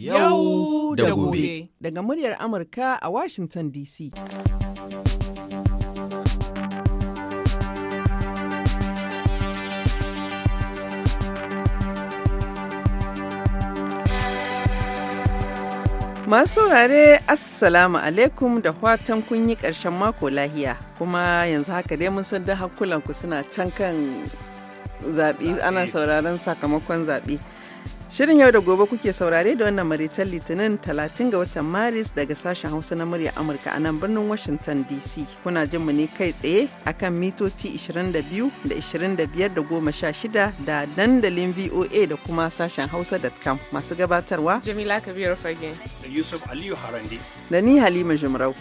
yau da gobe daga muryar amurka a washington dc Masu saurare Assalamu alaikum da fatan kun yi karshen mako lahiya kuma yanzu haka dai mun san da hakkulanku suna can kan zaɓe ana sauraron sakamakon zaɓe. Shirin yau da gobe kuke saurare da wannan maritar Litinin 30 ga watan Maris daga sashen Hausa na murya Amurka a nan birnin Washington DC. Kuna jin mu ne kai tsaye akan mitoci 22 da 25 da 16 da dandalin VOA da kuma sashen Hausa.com masu gabatarwa. Jamila Kabiru Fage. Da Yusuf Aliyu Harande. Da ni Halima Jumrau.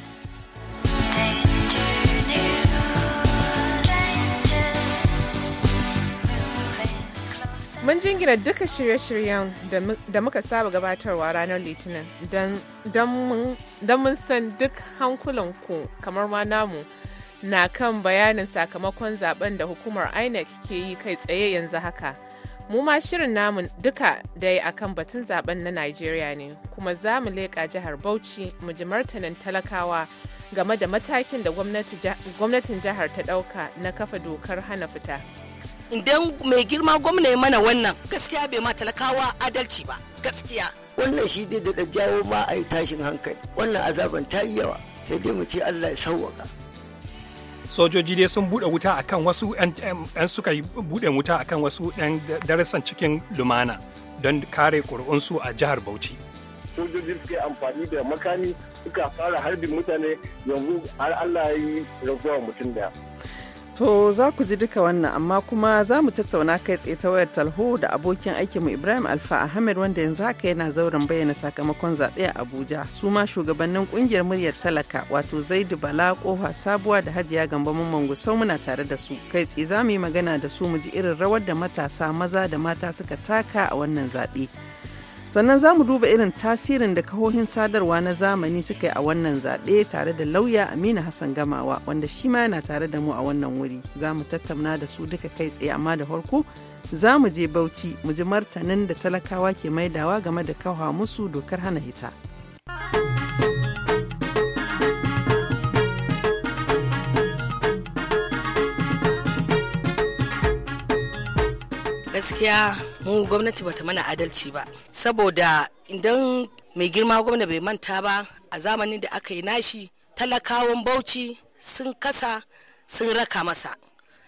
Mun jingina duka shirye-shiryen da muka saba gabatarwa ranar Litinin don mun san duk hankulanku kamar ma namu na kan bayanin sakamakon zaben da hukumar INEC ke yi kai tsaye yanzu haka. Mu ma shirin namu duka da ya akan batun zaben na nigeria ne, kuma za mu leƙa jihar Bauchi mu ji martanin talakawa game da matakin da gwamnatin jihar ta ɗauka na kafa dokar hana fita. idan mai girma gwamna ya mana wannan gaskiya bai ma talakawa adalci ba gaskiya wannan shi dai da jawo ma a yi tashin hankali wannan azaban ta yi yawa sai dai mu ce allah ya sauwaka sojoji dai sun bude wuta akan wasu yan suka bude wuta akan wasu yan darasan cikin lumana don kare ƙuri'unsu a jihar bauchi sojoji suke amfani da makami suka fara harbin mutane yanzu har allah ya yi raguwa mutum daya To za ku ji duka wannan amma kuma za mu tattauna kai tsaye ta wayar talho da abokin aikinmu Ibrahim Alfa Ahmed wanda yanzu haka yana zauren bayyana sakamakon zaɓe a Abuja. Su ma shugabannin kungiyar muryar talaka wato Zaidu Bala Koha Sabuwa da Hajiya Gamba Mamman Gusau muna tare da su. Kai tsaye za mu yi magana da su mu ji irin rawar da matasa maza da mata suka taka a wannan zaɓe. sannan za mu duba irin tasirin da kahohin sadarwa na zamani suka yi a wannan zaɓe tare da lauya amina hassan gamawa wanda shi ma yana tare da mu a wannan wuri za mu tattauna da su duka kai tsaye amma da farko za mu je bauchi mu ji martanin da talakawa ke maidawa game da kawo musu dokar hana hita. gaskiya mu gwamnati bata mana adalci ba saboda idan mai girma gwamna bai manta ba a zamanin da aka yi nashi talakawan bauchi sun kasa sun raka masa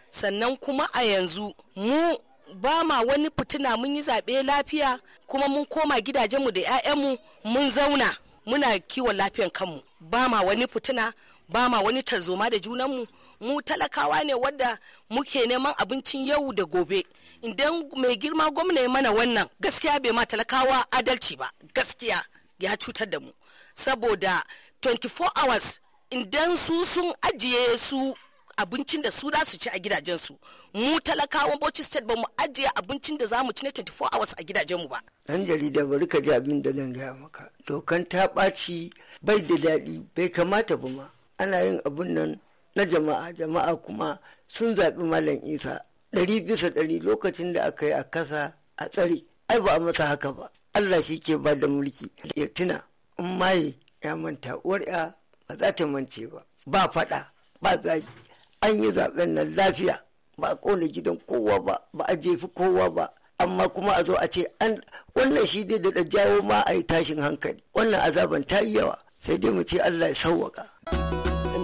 sannan kuma a yanzu mu ba ma wani fitina mun yi zaɓe lafiya kuma mun koma gidajenmu da 'ya'yanmu mun zauna muna kiwon lafiyan kanmu ba ma wani fitina ba ma wani tarzoma da junanmu mu talakawa ne wadda muke neman abincin yau da gobe idan mai girma gwamna ya mana wannan gaskiya bai ma talakawa adalci ba gaskiya ya cutar da mu saboda 24 hours idan su sun ajiye su abincin da su su ci a gidajensu mu talakawan bauchi state ba mu ajiye abincin da za mu ci na 24 hours a gidajenmu ba dan jarida bari ka ji abin da zan gaya maka dokan ta ɓaci bai da daɗi bai kamata ba ma ana yin abun nan na jama'a jama'a kuma sun zaɓi malam isa ɗari bisa ɗari lokacin da aka yi a kasa a tsare ai ba a masa haka ba allah shi ke ba da mulki ya tuna in maye ya manta uwar ya ba za ta mance ba ba faɗa ba zagi an yi zaɓen nan lafiya ba a ƙona gidan kowa ba ba a jefi kowa ba amma kuma a zo a ce an wannan shi dai da jawo ma a yi tashin hankali wannan azaban ta yi yawa sai dai mu ce allah ya sauwaka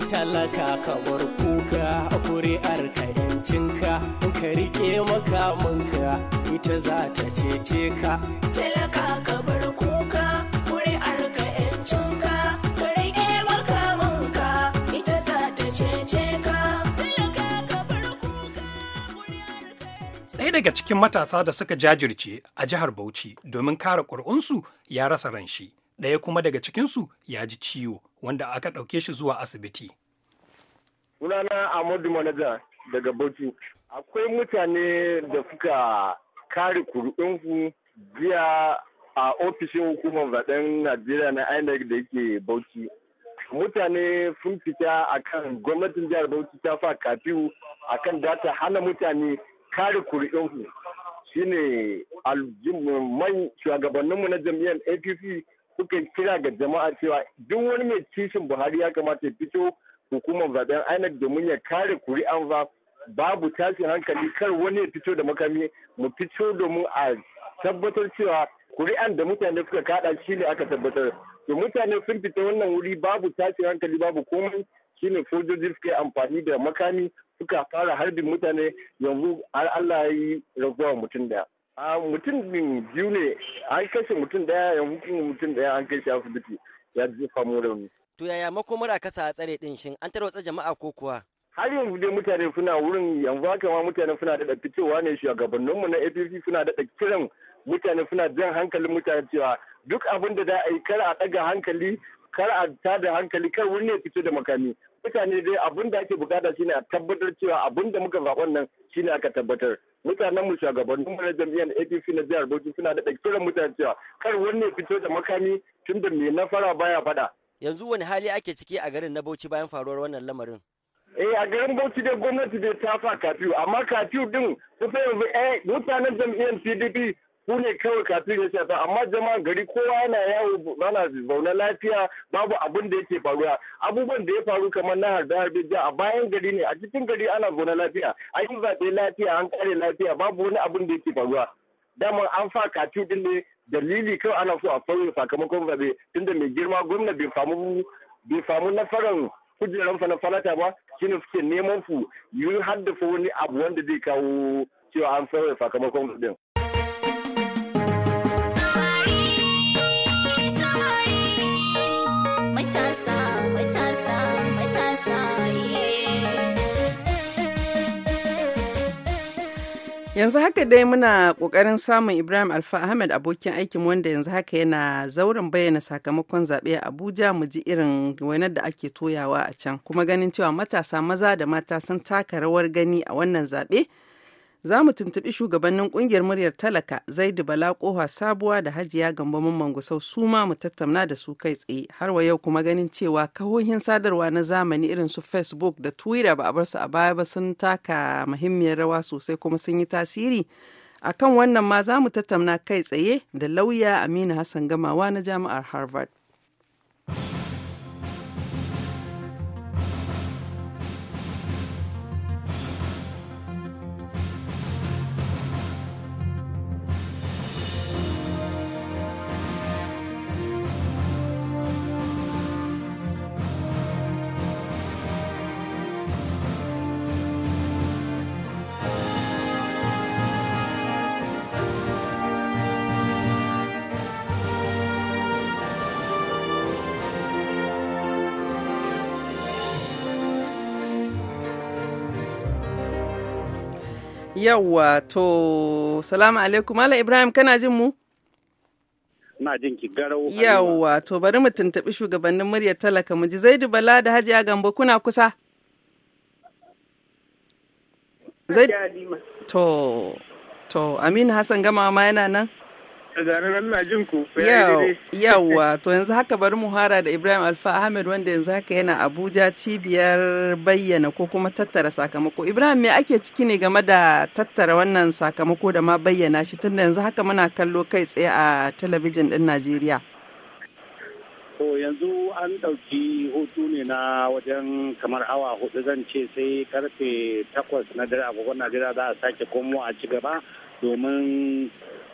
talaka ka bar kuka kuri'ar ka yancinka in ka rike makamanka ita za ta cece ka talaka ka bar kuka kuri'ar ka yancinka ka rike makamanka ita za ta cece ka Ɗaya daga cikin matasa da suka jajirce a jihar Bauchi domin kare ƙuri'unsu ya rasa ranshi. ɗaya kuma daga cikinsu ya ji ciwo wanda aka ɗauke shi zuwa asibiti sunana Ahmadu Manaja daga Bauchi. Akwai mutane da suka kare kuri'unsu jiya a ofishin hukumar zaɗen Najeriya na INEC da yake Bauchi. Mutane sun fita a kan gwamnatin jihar Bauchi ta fa kafiu kan data hana mutane kare kuri'unsu. shine man shugabanninmu na jam'iyyar APC suka kira ga jama'a cewa duk wani mai kishin Buhari ya kamata ya fito hukumar zaben INEC domin ya kare kuri'an fa babu tashin hankali kar wani ya fito da makami mu fito domin a tabbatar cewa kuri'an da mutane suka kada shi ne aka tabbatar to mutane sun fita wannan wuri babu tashin hankali babu komai shine sojoji suka yi amfani da makami suka fara harbin mutane yanzu har Allah ya yi raguwa mutum daya. A mutum biyu ne an kashe mutum daya yanzu mutum daya an kashe asibiti ya ji samu rauni. To yaya makomar a kasa a tsare din shin an tarwatsa jama'a ko kuwa? har yanzu dai mutane suna wurin yanzu haka ma mutane suna da fitowa ne shugabanninmu na APC suna da kiran mutane suna jan hankalin mutane cewa duk abin da za a yi kar a ɗaga hankali kar a tada hankali kar wani ne fito da makami mutane dai abin da ake bukata shine a tabbatar cewa abin da muka zaɓen nan shine aka tabbatar mutanen mu shugabannin mu na jami'an APC na jihar Bauchi suna da kiran mutane cewa kar wani fito da makami tunda mai nafara baya faɗa yanzu wani hali ake ciki a garin na Bauchi bayan faruwar wannan lamarin? Eh a garin Bauchi dai gwamnati da ta fa kafiyu amma kafiyu din kusa yanzu eh mutanen jam'iyyar PDP su ne kawai kafiyu ya shafa amma jama'a gari kowa yana yawo yana zaune lafiya babu abin da yake faruwa abubuwan da ya faru kamar na harbe harbe ja a bayan gari ne a cikin gari ana zaune lafiya an yi zaɓe lafiya an kare lafiya babu wani abin da yake faruwa. daman an fa katu din ne dalili kawai ana so a sauya sakamakon zabe tunda mai girma gwamna bai famu bai samu nasarar kujeran na falata ba shine suke neman ku yi haddafa wani abu wanda zai kawo cewa an sauya sakamakon zabe Matasa, matasa, matasa, Yanzu haka dai muna kokarin samun Ibrahim Alfa Ahmed abokin aikin wanda yanzu haka yana zauren bayyana sakamakon zaɓe a Abuja mu ji irin wainar da ake toyawa a can kuma ganin cewa matasa maza da mata sun taka rawar gani a wannan zaɓe za mu tuntuɓi shugabannin ƙungiyar muryar talaka zaidu bala ƙoha sabuwa da hajiya gamba mamman gusau su ma mu tattauna da su kai tsaye har wa yau kuma ganin cewa kahohin sadarwa na zamani irin su facebook da twitter ba a bar su a baya ba sun taka muhimmiyar rawa sosai kuma sun yi tasiri akan wannan ma za mu tattauna kai tsaye da lauya aminu hassan gamawa na jami'ar harvard Yawwa to, salamu alaikum, Mala Ibrahim kana jin mu? Na jin ki garau. Yawwa to, bari mu tuntuɓi shugabannin muryar talaka mu ji Zaidu Bala da Hajiya Gambo kuna kusa? Zaidu. To, to, Aminu Hassan gama ma yana nan? ganin to yanzu haka bari muhara da Ibrahim Alfa Ahmed wanda yanzu haka yana Abuja cibiyar bayyana ko kuma tattara sakamako. Ibrahim me ake ciki ne game da tattara wannan sakamako da ma bayyana shi tunda yanzu haka muna kallo kai tsaye a talabijin din Najeriya. To yanzu an ɗauki hutu ne na wajen kamar awa hudu zan ce sai karfe takwas na dare agogon Najeriya za a sake komo a ci gaba domin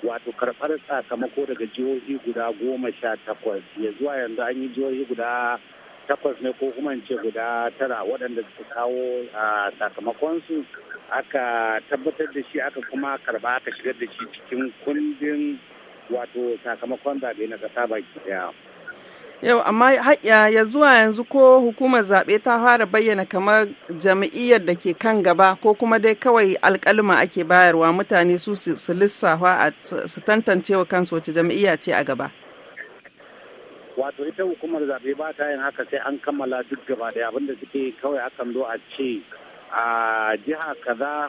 wato karɓar sakamako daga jihohi guda goma sha takwas ya zuwa yanzu an yi jihohi guda takwas ne ko kuma ce guda tara waɗanda suka kawo a sakamakonsu aka tabbatar da shi aka kuma karɓa aka shigar da shi cikin kundin wato sakamakon zaɓe na ƙasa baki daya. Yau amma ya zuwa yanzu ko hukumar zaɓe ta fara bayyana kamar jam'iyyar da ke kan gaba ko kuma dai kawai alƙalma ake bayarwa mutane su su lissafa su tantance wa kansu wace jam'iyya ce a gaba. Wato ita hukumar zaɓe ba ta yin haka sai an kammala duk gaba da abinda suke kawai akan zo a ce a jiha kaza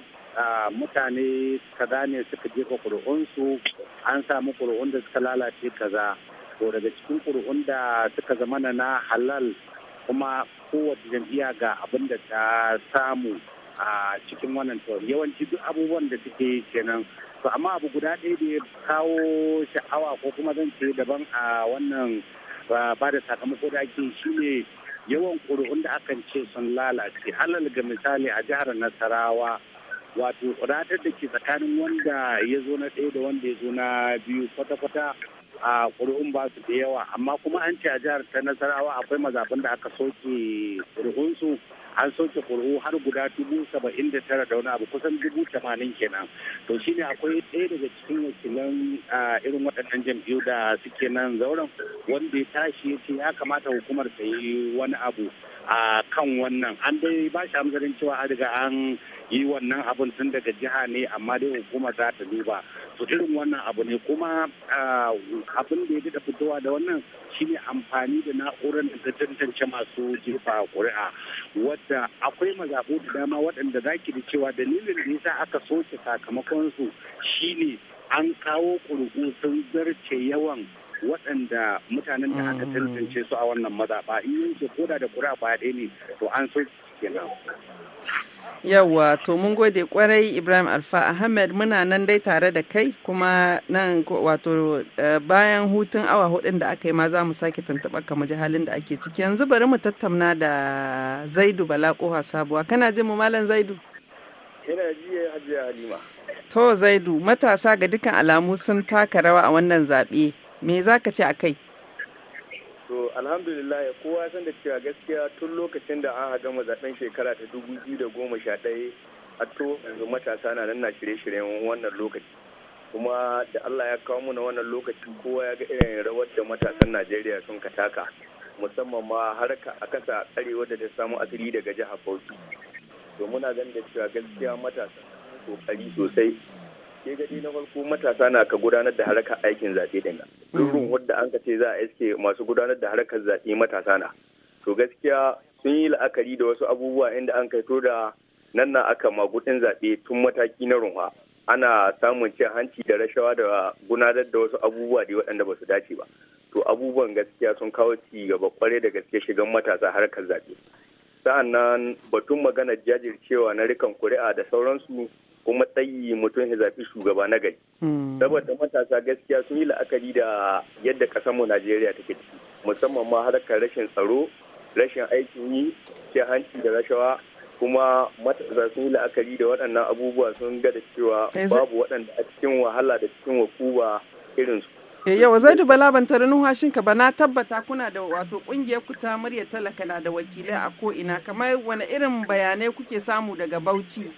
mutane kaza ne suka jefa ƙuri'unsu an samu ƙuri'un da suka lalace kaza. to daga cikin ƙuri'un da suka zama na halal kuma kowace jam'iyya ga abin da ta samu a cikin wannan to yawanci duk abubuwan da suke kenan to amma abu guda ɗaya da ya kawo sha'awa ko kuma zan ce daban a wannan ba da sakamako da ake shine yawan ƙuri'un da akan ce sun lalace halal ga misali a jihar nasarawa wato ratar da ke tsakanin wanda ya zo na ɗaya da wanda ya zo na biyu kwata-kwata a ƙuri'un ba su da yawa amma kuma an ce a jihar ta nasarawa akwai mazaɓin da aka soke ƙuri'unsu an soke ƙuri'u har guda dubu saba'in da tara da wani abu kusan dubu tamanin kenan to shine akwai ɗaya daga cikin wakilan irin waɗannan jam'iyyu da suke nan zauren wanda ya tashi ya ce ya kamata hukumar ta yi wani abu a kan wannan an dai ba shi amsarin cewa a riga an yi wannan abin tun daga jiha ne amma dai hukuma za ta duba su irin wannan abu ne kuma abin da ya da fitowa da wannan shine amfani da na'urar da ta tantance masu jefa ƙuri'a wadda akwai mazaɓu da dama waɗanda za ki da cewa dalilin da yasa aka soke sakamakon su shine an kawo ƙuri'u sun zarce yawan waɗanda mutanen da aka mm. tantance su a wannan mazaɓa in yanke koda da ƙuri'a ba ɗaya ne to an so kenan to mun gode kwarai ibrahim alfa ahmed muna nan dai tare da kai kuma nan wato eh, bayan hutun awa hudun da aka yi ma za mu sake tuntuɓar ka ji halin da ake ciki yanzu bari mu tattauna da zaidu bala koha sabuwa kana jin mu malam zaidu ina ji halima to zaidu matasa ga dukan alamu sun taka rawa a wannan zaɓe me za ka ce a kai to alhamdulillah kowa san da cewa gaskiya tun lokacin da an gama zaben shekara ta dubu biyu da goma sha ɗaya a to yanzu matasa na nan na shirye-shiryen wannan lokaci kuma da allah ya kawo na wannan lokaci kowa ya ga irin rawar da matasan najeriya sun ka taka musamman ma harka a kasa arewa da ta samu asali daga jihar bauchi to muna ganin da cewa gaskiya matasa kokari sosai ke gani na farko matasa na ka gudanar da harkar aikin zaɓe din nan hmm. rurrun wadda an ka ce za a iske masu gudanar da harkar zaɓe matasa na to gaskiya sun yi la'akari da wasu abubuwa inda an kai to da nan na aka magudin zaɓe tun mataki na runwa ana samun cin hanci da rashawa da gudanar da wasu abubuwa da waɗanda ba su dace ba to abubuwan gaskiya sun kawo ci gaba kwarai da gaske shigan matasa harkar zaɓe sa'an batun maganar jajircewa na rikan kuri'a da sauransu kuma tsayi mutum ya zafi shugaba na gari. Hmm. Saboda matasa gaskiya sun yi la'akari da yadda ƙasarmu Najeriya take ciki musamman ma harkar rashin tsaro, rashin aikin yi, ce hanci da rashawa kuma matasa sun yi la'akari da waɗannan abubuwa sun ga da cewa eh, babu waɗanda a cikin wahala da cikin wakuba su. Eh, yawa zai duba labantar numfashinka ba na tabbata kuna da wato kungiyar ku ta murya talaka na da wakilai a ko ina kamar wani irin bayanai kuke samu daga bauchi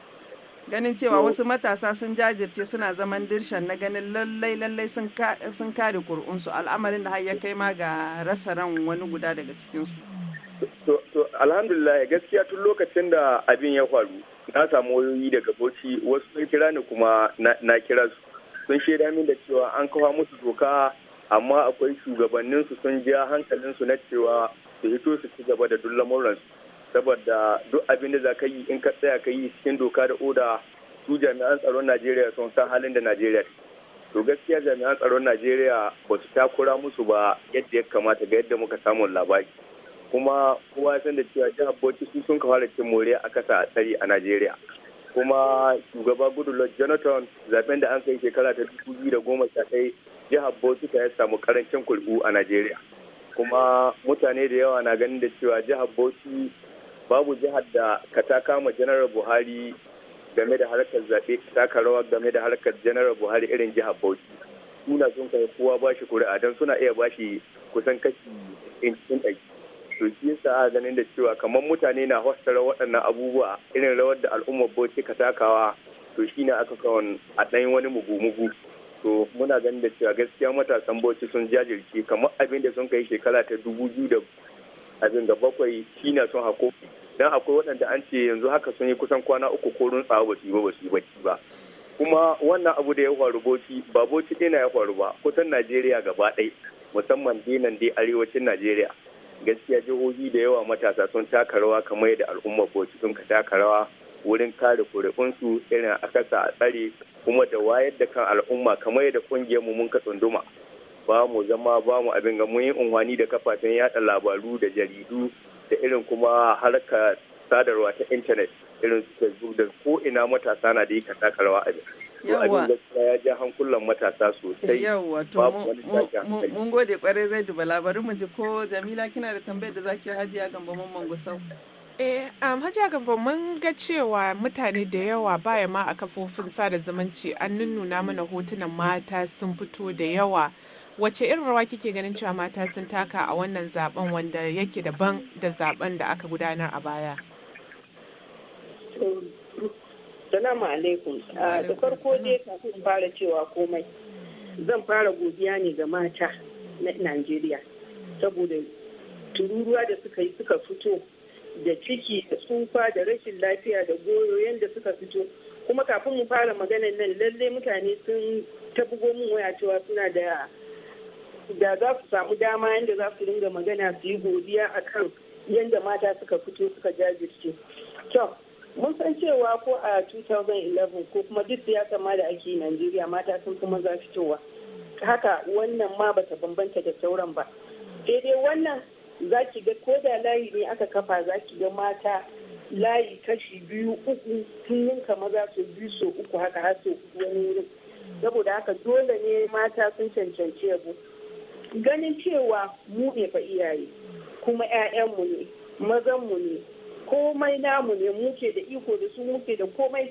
ganin cewa wasu matasa sun jajirce suna zaman dirshan na ganin lallai lallai sun kare kur'unsu al'amarin da har ya kai ma ga rasa ran wani guda daga cikinsu. to alhamdulillah gaskiya tun lokacin da abin ya faru na samu wayoyi daga bauchi wasu sun kira ni kuma na kira su sun shaida min da cewa an kawo musu doka amma akwai shugabanninsu sun ja hankalinsu na cewa su hito su ci gaba da duk lamuransu saboda duk abin da za ka yi in ka tsaya ka yi cikin doka da oda su jami'an tsaron najeriya sun san halin da najeriya to gaskiya jami'an tsaron najeriya ba su takura musu ba yadda ya kamata ga yadda muka samu labari kuma kowa ya san da cewa jihar bauchi su sun fara cin moriya a kasa tsari a najeriya kuma shugaba goodluck jonathan zaben da an kai shekara ta dubu biyu da goma sha jihar bauchi ta ya samu karancin kuri'u a najeriya kuma mutane da yawa na ganin da cewa jihar bauchi babu jihar da ka ta kama janar buhari game da harkar zaɓe taka rawa game da harkar janar buhari irin jihar bauchi suna sun kai kowa ba shi kuri'a don suna iya ba shi kusan kashi in ɗari to shi yasa a ganin da cewa kamar mutane na hostara waɗannan abubuwa irin rawar da al'ummar bauchi ka takawa to shi ne aka kawon a ɗan wani mugu-mugu to muna ganin da cewa gaskiya matasan bauchi sun jajirce kamar abin da sun kai shekara ta dubu biyu da abin da bakwai shi na sun hako dan akwai waɗanda an ce yanzu haka sun yi kusan kwana uku ko runtsawa ba su yi ba ba su yi ba kuma wannan abu da ya faru boci ba boci ɗaya na ya faru ba kusan najeriya gaba ɗaya musamman dinan dai arewacin najeriya gaskiya jihohi da yawa matasa sun taka rawa kamar yadda al'umma boci sun ka taka rawa wurin kare kuri'unsu irin a kasa a tsare kuma da wayar da kan al'umma kamar yadda kungiyar mu mun ka tsunduma ba mu zama ba mu abin ga mun yi unhwani da kafafen yada labaru da jaridu da irin kuma harkar sadarwa ta intanet irin facebook da ko ina matasa na da yi katakarwa a yawa ya ja hankulan matasa sosai yawa to mun gode kwarai zai duba labarin mu ji ko jamila kina da tambayar da zaki hajiya gamba mamman gusau Eh, um, Hajiya Gambo mun ga cewa mutane da yawa baya ma a kafofin sada zumunci an nunnuna mana hotunan mata sun fito da yawa. wace irin rawa kike ganin cewa mata sun taka a wannan zaben wanda yake daban da zaben da aka gudanar a baya salamu alaikum ah, da farko dai kafin fara cewa komai zan fara godiya ne ga mata na nigeria saboda tururuwa da suka yi suka fito da ciki da tsufa da rashin lafiya da goyo yadda suka fito kuma kafin mu fara maganar nan lallai mutane sun ta bugo min waya cewa suna da da za su samu dama yadda za su dinga magana su yi godiya a kan yadda mata suka fito suka jajirce to mun san cewa ko a 2011 ko kuma duk siyasa ma da ake Najeriya mata sun kuma za fitowa haka wannan ma ba ta bambanta da sauran ba sai dai wannan za ki ga ko da layi ne aka kafa za ki ga mata layi kashi biyu uku tun yinka maza su biyu so uku haka har su wani wurin saboda haka dole ne mata sun cancanci yabo ganin cewa mu ne fa iyaye kuma 'ya'yanmu ne mazanmu ne komai namu ne muke da iko da su muke da komai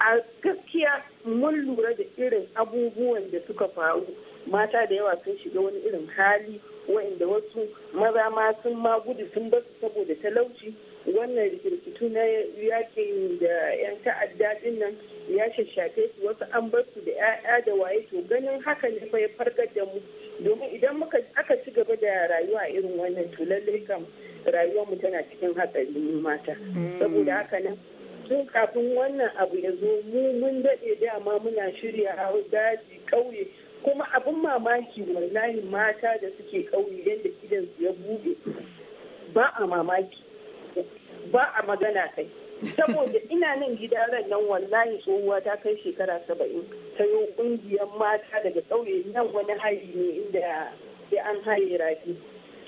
a gaskiya mun lura da irin abubuwan da suka faru mata da yawa sun shiga wani irin hali wa'inda wasu maza ma sun ma gudu sun basu saboda talauci wannan rikirkitu na yakin da 'yan ta'adda din nan ya shashafe su wasu an bar su da 'ya'ya da waye to ganin haka ne fa ya farkar da mu domin idan muka aka ci gaba da rayuwa irin wannan to lallai kam rayuwar mu tana cikin hatsari mu mata mm. saboda haka nan tun kafin wannan abu ya zo mu mun daɗe dama muna shirya daji ƙauye kuma abin mamaki wallahi mata da suke kauye yadda gidansu ya buɗe ba a mamaki ba a magana kai saboda ina nan gida ran nan wallahi tsohuwa ta kai shekara saba'in ta yi ƙungiyar mata daga ƙauye nan wani hari ne inda ya an haye rafi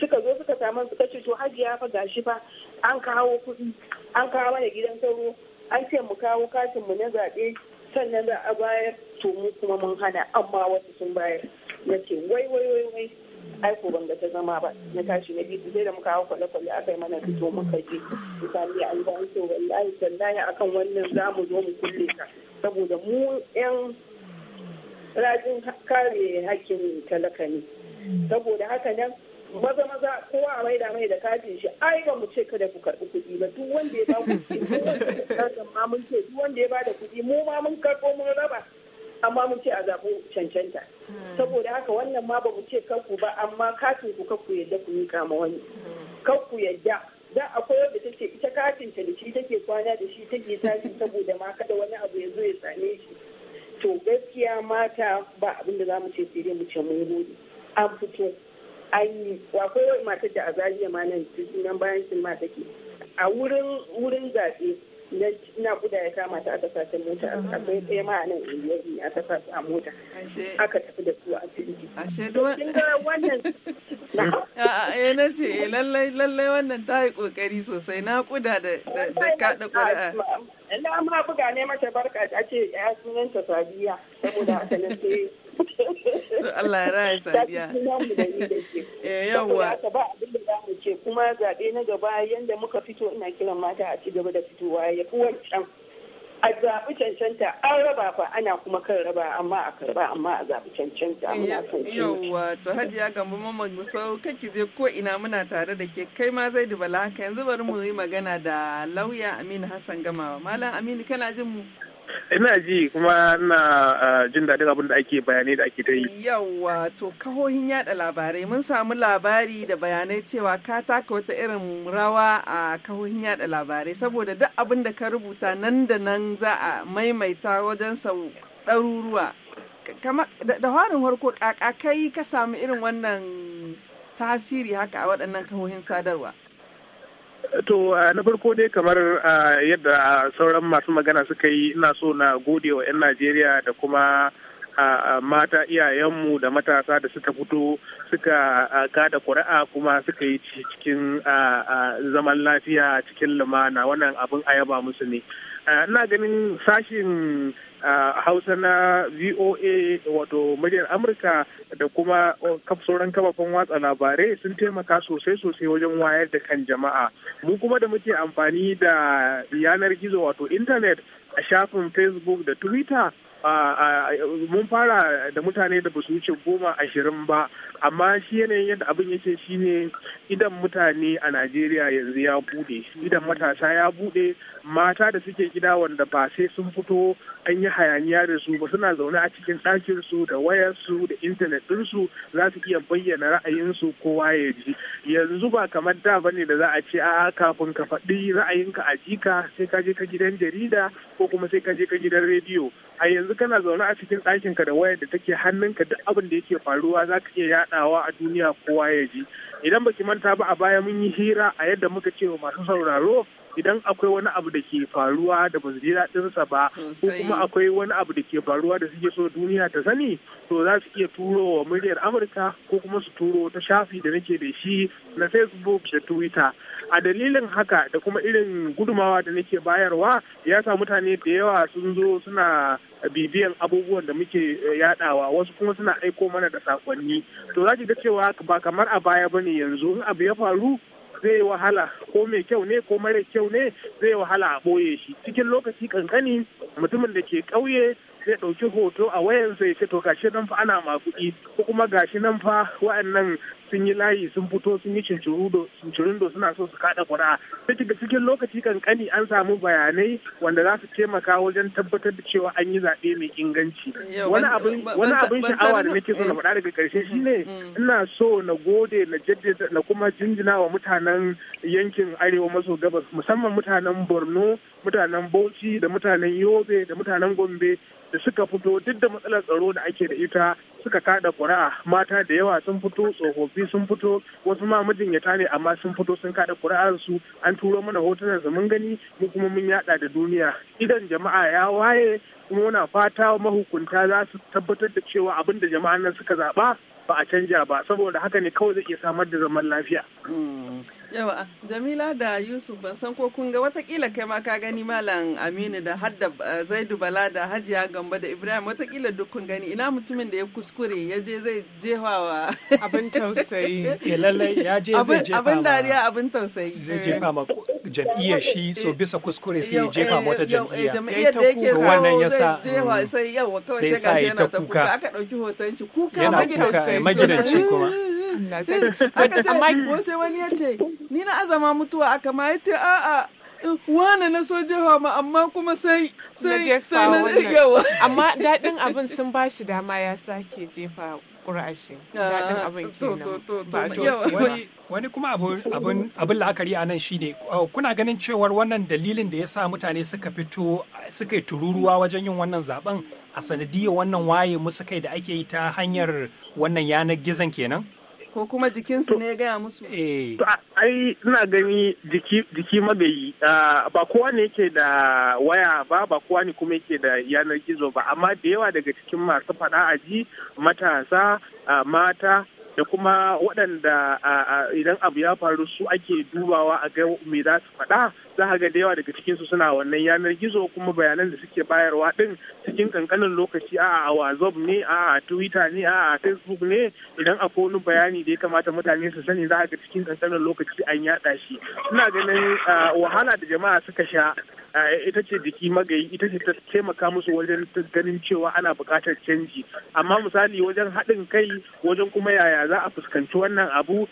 suka zo suka samu suka ce to hajiya fa gashi fa an kawo kuɗi an kawo mana gidan sauro an ce mu kawo katin mu na zaɓe sannan za a bayar to mu kuma mun hana amma wasu sun bayar na ce wai wai wai wai aiko ban ga ta zama ba na tashi na biyu sai da muka hau kwale-kwale aka yi mana fito muka je misali an ga an ce wallahi tallahi akan wannan zamu zo mu kulle ka saboda mu yan rajin kare hakkin talaka ne saboda haka nan maza maza kowa a maida mai da kafin shi ai ba mu ce kada ku karbi kuɗi ba duk wanda ya ba ku kuɗi mun ce duk wanda ya ba da kuɗi mu ma mun karɓo mun raba amma mun ce a zaɓi cancanta saboda haka wannan ma ba mu ce kanku ba amma katin ku kanku yadda ku yi kama wani kanku yadda da akwai wanda ta ce ita katin ta da shi take kwana da shi take tashi saboda ma kada wani abu ya zo ya same shi to gaskiya mata ba abin za mu ce sai dai mu ce mun gode an fito an yi wa akwai matar da a zariya ma nan bayan sun ma take a wurin wurin zaɓe na kuda ya kama ta aka sace mota akwai ɗaya ma nan iyali a sace a mota aka tafi da su asibiti ashe eh, na ce eh, lallai wannan ta yi kokari sosai na kuda da kaɗa kada kuda na ma buga ne mata barka a ce ya ta Sadiya saboda haka na ce to Allah ya raya Sadiya eh yawa ba abin ce kuma zaɓe na gaba yadda muka fito ina kiran mata a ci gaba da fitowa ya fi wancan a zaɓi cancanta an raba fa ana kuma kan raba amma a karba amma a zaɓi cancanta muna son yawwa to hajiya gambo mamman musau kake je ko ina muna tare da ke kai ma zai dubala haka yanzu bari mu yi magana da lauya aminu hassan gamawa malam aminu kana jin mu ina ji kuma ina ah, jin daɗin abin da ake bayanai da ake ta yi. Yawwa to kahohin yaɗa labarai mun samu labari da bayanai cewa ka taka wata irin rawa a kahohin yaɗa labarai saboda duk abin da ka rubuta nan da nan za a maimaita wajen sau ɗaruruwa. Da harin harko kaka kai ka samu irin wannan tasiri haka a waɗannan kahohin sadarwa. To na farko dai kamar yadda sauran masu magana suka yi ina so na gode wa 'yan Najeriya da kuma mata iyayenmu da matasa da suka fito suka kada kuri'a kuma suka yi cikin zaman lafiya cikin lumana wannan abin ayaba musu ne. Ina ganin sashin hausa na voa wato muryar amurka da kuma uh, sauran kafafen watsa labarai sun taimaka sosai sosai wajen wayar da kan jama'a mu kuma da muke amfani da yanar gizo wato intanet a shafin facebook da twitter mun fara da mutane da basu wuce goma ashirin ba amma shi yanayin yadda abin yake shine idan mutane a najeriya yanzu ya bude idan matasa ya bude mata da suke gida wanda ba sai sun fito an yi hayaniya da su ba suna zaune a cikin ɗakin su da wayar da intanet ɗinsu su za su iya bayyana ra'ayinsu kowa ya ji yanzu ba kamar da bane da za a ce a kafin ka faɗi ra'ayinka a jika sai ka je ka gidan jarida ko kuma sai ka je ka gidan rediyo a yanzu kana zaune a cikin ɗakin ka da wayar da take hannunka duk abin da yake faruwa za ka iya yadawa a duniya kowa ya ji idan baki manta ba a baya mun yi hira a yadda muka ce wa masu sauraro idan akwai wani abu da ke faruwa da ba su ji daɗinsa ba ko kuma akwai wani abu da ke faruwa da suke so duniya ta sani to za su iya turo wa muryar amurka ko kuma su turo ta shafi da nake da shi na facebook da twitter a dalilin haka da kuma irin gudumawa da nake bayarwa ya sa mutane da yawa sun zo suna bibiyan abubuwan da muke eh, yadawa wasu kuma suna aiko mana da sakonni to za ki ga cewa ba kamar a baya bane yanzu in abu ya faru zai wahala ko mai kyau ne ko mara kyau ne zai wahala a ɓoye shi cikin lokaci kankani mutumin da ke ƙauye sai ɗauki hoto a wayan sai ce to gashi nan fa ana makuɗi ko kuma gashi nan fa wa'annan sun yi layi sun fito sun yi cincirindo suna so su kada kura. sai ga cikin lokaci kankani an samu bayanai wanda za su taimaka wajen tabbatar da cewa an yi zaɓe mai inganci wani abin sha'awa da nake so na eh. faɗa daga ƙarshe mm, shine mm. ina so na gode na jaddada na kuma jinjina wa mutanen yankin arewa maso gabas musamman mutanen borno mutanen bauchi da mutanen yobe da mutanen gombe da suka fito duk da matsalar tsaro da ake da ita suka kada ƙuri'a. mata da yawa sun fito tsofaffi sun fito wasu ma majinyata ne amma sun fito sun kada su. an turo mana hotunan su mun gani mu kuma mun yada da duniya idan jama'a ya waye kuma muna fata mahukunta za su tabbatar da cewa abinda da jama'an nan suka zaba ba a canja ba saboda haka ne kawai zai samar da zaman lafiya. Hmm. yawa jamila da yusuf ban san ko kun ga watakila kai ma ka gani malam aminu da hadda eh, zaidu bala da hajiya Gambo da ibrahim watakila duk kun gani ina mutumin da ya kuskure ya je zai jefa wa abin tausayi ya eh, lallai ya je zai jefa abin dariya abin tausayi zai jefa ma jam'iyyar shi so eh, bisa kuskure sai ya jefa wata eh, eh, jam'iyya ya mm, ta kuka wannan ya sa sai sa ya ta kuka aka ɗauki hoton shi kuka magidanci kuma aka ce wasu wani ya ce ni na azama mutuwa aka ma ya ce a'a wane na so jefa ma amma kuma sai sai na yawa amma daɗin abin sun ba shi dama ya sake jefa kurashi ah, wani kuma abin la'akari a nan shine uh, kuna ganin cewar wannan dalilin da ya sa mutane suka fito suka tururuwa wajen yin wannan zaben a sanadiyar wannan waye musu kai da ake yi ta hanyar wannan yanar gizon kenan ko kuma jikinsu ne gaya musu eh. ai ina gani jiki magayi ba kowa ne yake da waya ba ba kowa ne kuma yake da yanar gizo ba amma da yawa daga cikin masu faɗa ji matasa mata da kuma waɗanda idan abu ya faru su ake dubawa a ga me za su faɗa za ga da yawa daga cikinsu suna wannan yanar gizo kuma bayanan da suke bayarwa din cikin kankanin lokaci a a whatsapp ne a a twitter ne a a facebook ne idan akwai wani bayani da ya kamata mutane su sani za ga cikin kankanin lokaci an yaɗa shi suna ganin wahala da jama'a suka sha ita ce jiki magayi ita ce ta taimaka musu wajen ganin cewa ana buƙatar canji amma misali wajen haɗin kai wajen kuma yaya za a fuskanci wannan abu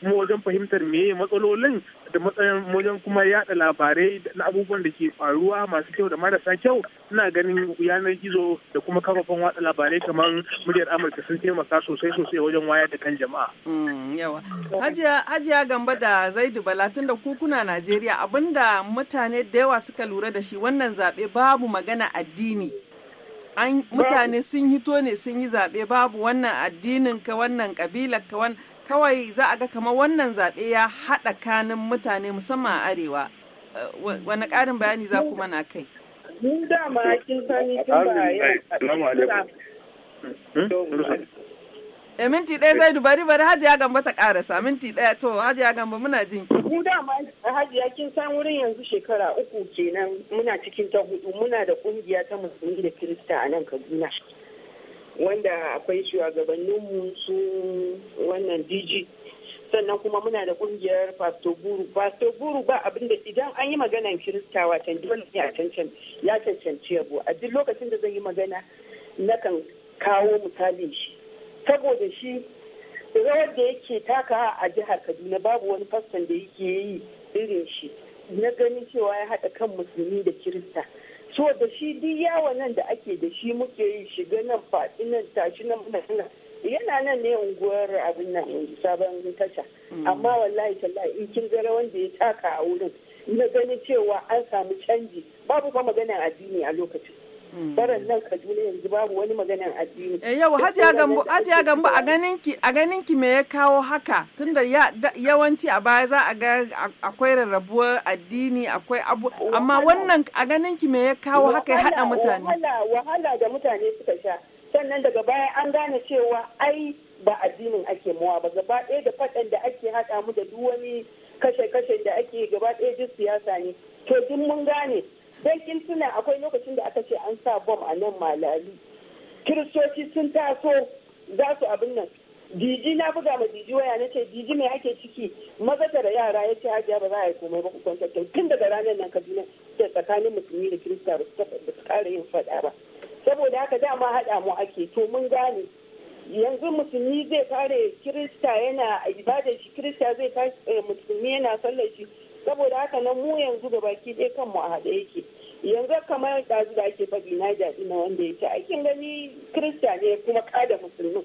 kuma wajen fahimtar meye matsalolin da matsayin wajen kuma yada labarai na abubuwan da ke faruwa masu kyau da marasa kyau ina ganin yanar gizo da kuma kafafen watsa labarai kamar muryar amurka sun taimaka sosai sosai wajen wayar da kan jama'a. Mm, yawa hajiya gamba da zaidu bala tun da kukuna najeriya abinda mutane da yawa suka lura da shi wannan zabe babu magana addini mutane sun hito ne sun yi zaɓe babu wannan addinin ka wannan ƙabilar ka wannan kawai za a ga kamar wannan zaɓe ya haɗa kanin mutane musamman a arewa eh, wani ƙarin bayani za kuma na kai sani tun E minti ɗaya zai dubari? bari hajiya gamba ta ƙarasa minti ɗaya to hajiya gamba muna jin ki. Mu dama hajiya kin san wurin yanzu shekara uku kenan muna cikin ta hudu muna da ƙungiya ta musulmi da kirista a nan Kaduna. wanda akwai shugabanninmu su wannan dg sannan kuma muna da kungiyar pastor guru pastor Buru ba abinda idan an yi maganan kirista dole ya cancanci yabo a duk lokacin da zan yi magana nakan kawo misalin shi saboda shi rawar da yake taka a jihar kaduna babu wani faston da yake yi irin shi na ganin cewa ya haɗa kan musulmi da kirista so da shi duk yawon nan da ake da shi muke yi shiga nan faɗi nan tashi nan nan yana nan ne unguwar abin nan yanzu sabon tasha mm. amma wallahi tallahi in kin gara wanda ya taka a wurin na gani cewa an samu canji babu ba a addini a lokacin Mm. baran nan juna yanzu babu wani maganan addini eh yau hajiya gambo hajiya a ganinki a ganinki me ya kawo haka tunda yawanci a baya za a ga akwai rarrabuwar addini akwai abu amma wannan a ganinki me ya kawo haka ya hada mutane wahala da mutane suka sha sannan daga baya an gane cewa ai ba addinin ake mawa ba gaba ɗaya da faɗan da ake haɗa mu da duk wani kashe-kashe da ake gaba ɗaya duk siyasa ne to duk mun gane don kin tuna akwai lokacin da aka ce an sa bom a nan malali kiristoci sun taso za su abin nan diji na buga ma diji waya na ce diji mai ake ciki maza da yara ya ce hajiya ba za a yi komai ba ku tun daga ranar nan kaduna da tsakanin musulmi da kirista ba su kara yin faɗa ba saboda haka dama haɗa mu ake to mun gane yanzu musulmi zai kare kirista yana ibadar shi kirista zai kare eh, musulmi yana sallar shi saboda haka nan mu yanzu ga baki ɗaya kanmu a haɗe yake yanzu kamar ɗazu da ake faɗi na jaɗi na wanda ya ce aikin gani kirista ne kuma ƙada musulmi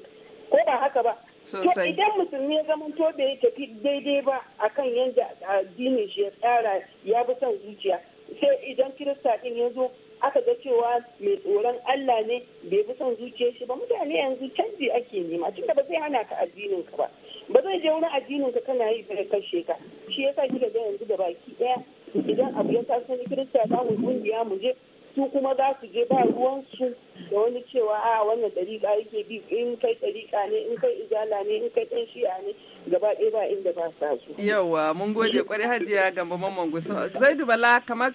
ko ba haka ba to idan musulmi ya zama to bai tafi daidai ba akan yadda addinin shi ya tsara ya bi son zuciya sai idan kirista ɗin ya zo aka ga cewa mai tsoron Allah ne bai bi son zuciya shi ba mutane yanzu canji ake nema tunda ba zai hana ka addinin ka ba ba zai je wurin addinin ka kana yi da kashe ka shi yasa kika ga yanzu da baki daya idan abu ya taso kirista ba mu kungiya mu je su kuma za su je ba ruwansu da wani cewa a ah, wannan dariƙa yake bi in kai dariƙa ne in kai ijala ne in kai ɗan shi'a ne gaba ɗaya ba inda ba sa su. Yawwa mun gode kwarai hajiya ga mamman gusa. Zaidu Bala kamar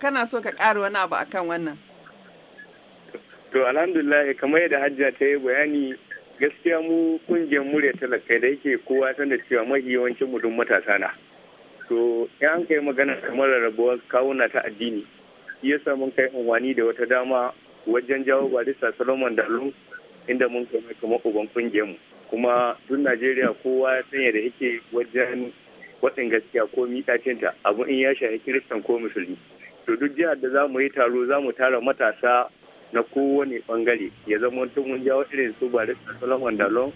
kana so ka ƙara wani abu akan wannan. To alhamdulillah kamar yadda hajiya ta yi bayani gaskiya mu kungiyar murya talakai da yake kowa sanda cewa mahi yawancin mutum matasa na. To in an kai magana kamar rarrabuwar kawuna ta addini ya yasa mun kai unwani da wata dama wajen jawo barista solomon dalu inda mun kai mai kuma uban kungiyar mu kuma tun najeriya kowa ya sanya da yake wajen watsin gaskiya ko miƙacinta abu in ya shafi kiristan ko musulmi to duk jihar da za mu yi taro za mu tara matasa na kowane bangare ya zama tun mun jawo irin su barista solomon dalon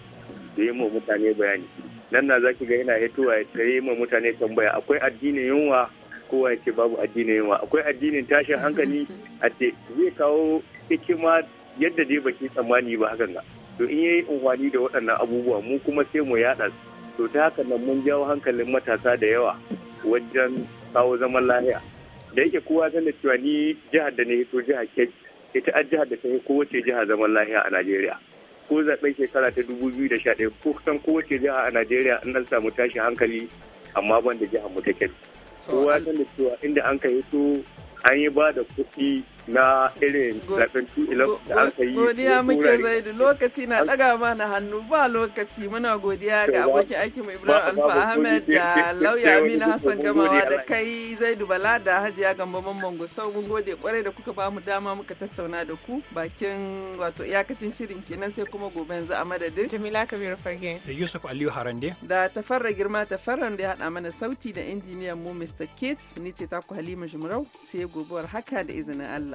da yi mu mutane bayani nan na zaki ga yana hitowa ya yi mu mutane tambaya akwai addinin yunwa kowa ya ce babu addinin yawa akwai addinin tashin hankali a ce zai kawo hikima yadda dai baki tsammani ba hakan ga to in yayi amfani da waɗannan abubuwa mu kuma sai mu yaɗa to ta haka nan mun jawo hankalin matasa da yawa wajen kawo zaman lahiya da yake kowa sanda cewa ni jihar da na hito jihar ke ita a jihar da ta yi kowace jiha zaman lahiya a najeriya ko zaɓen shekara ta ɗaya ko kusan kowace jiha a najeriya an samu tashi hankali amma ban da jihar mu ta kebbi kowa sanda da cewa inda an kai su an yi ba da kuɗi na irin zaben 2011 da aka yi godiya muke zaidu lokaci na daga mana hannu ba lokaci muna godiya ga abokin aiki mai ibrahim alfa ahmed da lauya amina hassan gamawa da kai zaidu bala da hajiya gamba mamman gusau mun gode kwarai da kuka bamu dama muka tattauna da ku bakin wato iyakacin shirin kenan sai kuma gobe yanzu a madadin jamila kabir fage da yusuf aliyu harande da tafarra girma tafarra da ya haɗa mana sauti da injiniyan mu mr kate ni ce taku halima jumrau sai gobuwar haka da izinin allah